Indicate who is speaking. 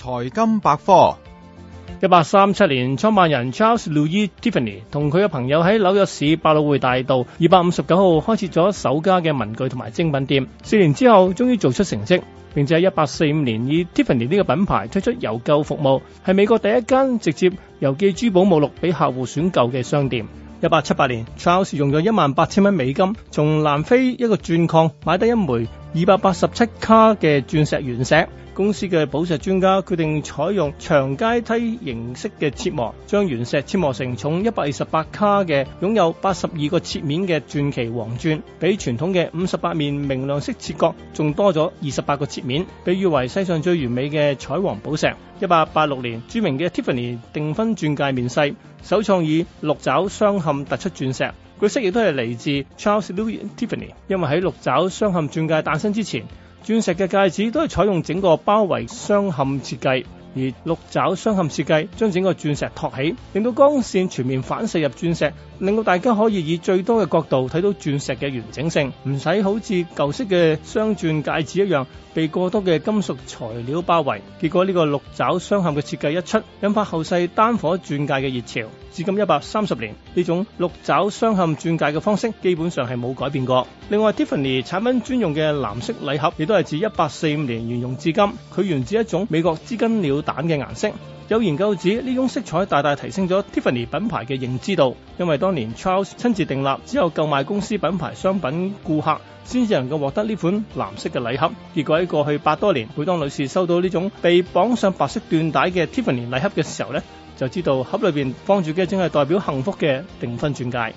Speaker 1: 財金百科，一八三七年，創辦人 Charles Lewis Tiffany 同佢嘅朋友喺紐約市百老匯大道二百五十九號開設咗首家嘅文具同埋精品店。四年之後，終於做出成績，並且喺一八四五年以 Tiffany 呢個品牌推出郵購服務，係美國第一間直接郵寄珠寶目錄俾客戶選購嘅商店。一八七八年，Charles 用咗一萬八千蚊美金從南非一個鑽礦買得一枚。二百八十七卡嘅鑽石原石，公司嘅寶石專家決定採用長階梯形式嘅切磨，將原石切磨成重一百二十八卡嘅擁有八十二個切面嘅鑽奇黃鑽，比傳統嘅五十八面明亮式切割仲多咗二十八個切面，被譽為世上最完美嘅彩黃寶石。一八八六年，著名嘅 Tiffany 訂婚鑽戒面世，首創以六爪鑲嵌突出鑽石。佢色亦都係嚟自 Charles Lewis Tiffany，因為喺六爪鑲嵌鑽戒誕生之前，鑽石嘅戒指都係採用整個包圍鑲嵌設計。而六爪鑲嵌設計將整個鑽石托起，令到光線全面反射入鑽石，令到大家可以以最多嘅角度睇到鑽石嘅完整性，唔使好似舊式嘅雙鑽戒指一樣被過多嘅金屬材料包圍。結果呢個六爪鑲嵌嘅設計一出，引發後世單火鑽戒嘅熱潮。至今一百三十年，呢種六爪鑲嵌鑽戒嘅方式基本上係冇改變過。另外，Tiffany 產品專用嘅藍色禮盒亦都係自一八四五年沿用至今。佢源自一種美國知更鳥。蛋嘅顏色，有研究指呢種色彩大大提升咗 Tiffany 品牌嘅認知度，因為當年 Charles 親自訂立，只有購買公司品牌商品顧客先至能夠獲得呢款藍色嘅禮盒。結果喺過去百多年，每當女士收到呢種被綁上白色緞帶嘅 Tiffany 禮盒嘅時候呢，就知道盒裏邊放住嘅正係代表幸福嘅訂婚鑽戒。